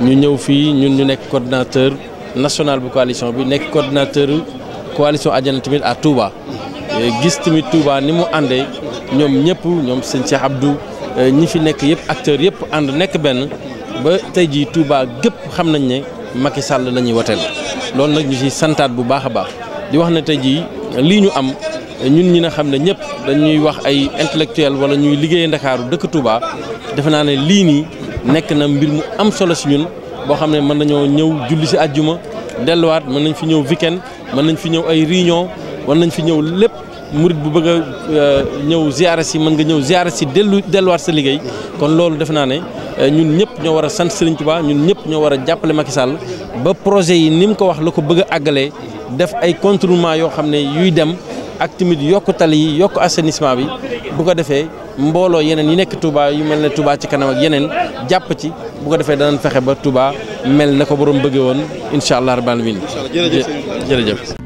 ñu ñëw fii ñun ñu nekk coordinateur national bu coalition bi nekk coordinateur coalition Adiana tamit à Touba gis tamit Touba ni mu àndee ñoom ñëpp ñoom sëñ Cheikh Abdou euh, ñi fi nekk yëpp acteurs yëpp ànd nekk benn ba tey jii Touba gépp xam nañ ne Macky Sall la ñuy woteel loolu nag ñu ci santaat bu baax a baax di wax na tey jii lii ñu am ñun ñi nga xam ne ñëpp dañuy wax ay intellectuel wala ñuy liggéey Ndakaaru dëkk Touba defe naa ne lii nii nekk na mbir mu am solo si ñun boo xam ne mën nañoo ñëw julli si àjjuma delluwaat mën nañ fi ñëw weekend mën nañ fi ñëw ay réunion mën nañ fi ñëw lépp murit bu bëgg a euh, ñëw ziara si mën nga ñëw ziara si dellu delluwaat sa liggéey kon loolu defe naa ne euh, ñun ñëpp ñoo war a sant Serigne Touba ñun ñëpp ñoo war a jàppale Macky Sall ba projet yi ni mu ko wax la ko bëgg a àggalee def ay contournement yoo xam ne yuy dem ak tamit yokk tali yi yokk assainissement bi bu ko defee mbooloo yeneen yi nekk Touba yu mel ne Touba ci kanam yeneen jàpp ci bu ko defee danañ fexe ba tubaa mel na ko borom bëggee woon incha allah rabbil alamin jërëjëf